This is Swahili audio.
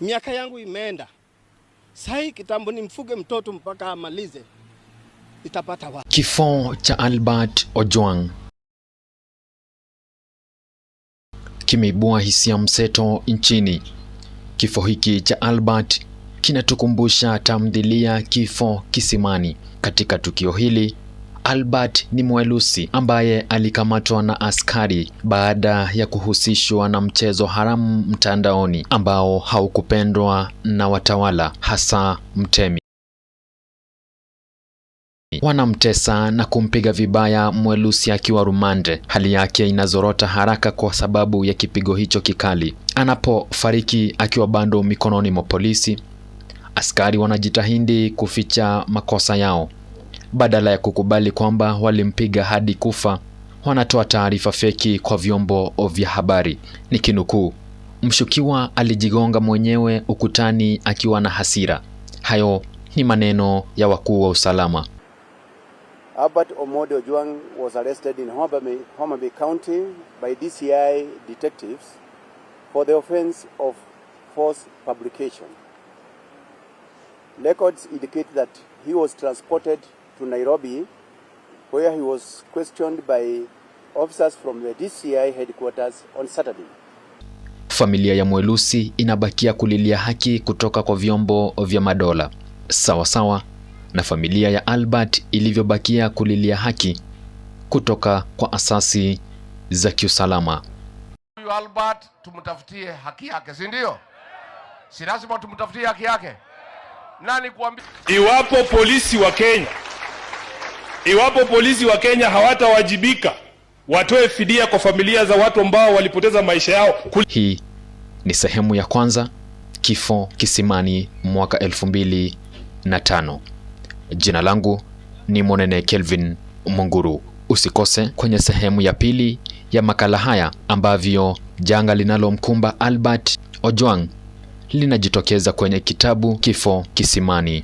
miaka yangu imeenda. sahi kitambo nimfuge mtoto mpaka amalize, itapata wa. Kifo cha Albert Ojwang kimeibua hisia mseto nchini. Kifo hiki cha Albert kinatukumbusha tamthilia Kifo Kisimani. Katika tukio hili Albert ni Mwelusi ambaye alikamatwa na askari baada ya kuhusishwa na mchezo haramu mtandaoni ambao haukupendwa na watawala hasa Mtemi. Wanamtesa na kumpiga vibaya Mwelusi akiwa rumande. Hali yake inazorota haraka kwa sababu ya kipigo hicho kikali. Anapofariki akiwa bado mikononi mwa polisi, askari wanajitahidi kuficha makosa yao badala ya kukubali kwamba walimpiga hadi kufa, wanatoa taarifa feki kwa vyombo vya habari. Nikinukuu, mshukiwa alijigonga mwenyewe ukutani akiwa na hasira. Hayo ni maneno ya wakuu wa usalama. Albert Omondi Ojwang was arrested in Homabay, Homabay County by DCI detectives for the offense of false publication. Records indicate that he was transported to Nairobi, where he was questioned by officers from the DCI headquarters on Saturday. Familia ya Mwelusi inabakia kulilia haki kutoka kwa vyombo vya madola sawasawa na familia ya Albert ilivyobakia kulilia haki kutoka kwa asasi za kiusalama. Huyu Albert tumtafutie haki yake, si ndio? Si lazima tumtafutie haki yake. Nani kuambia? Iwapo polisi wa Kenya Iwapo polisi wa Kenya hawatawajibika, watoe fidia kwa familia za watu ambao walipoteza maisha yao. Hii ni sehemu ya kwanza, kifo kisimani mwaka elfu mbili na tano. Jina langu ni Monene Kelvin Munguru. Usikose kwenye sehemu ya pili ya makala haya ambavyo janga linalomkumba Albert Ojwang linajitokeza kwenye kitabu Kifo Kisimani.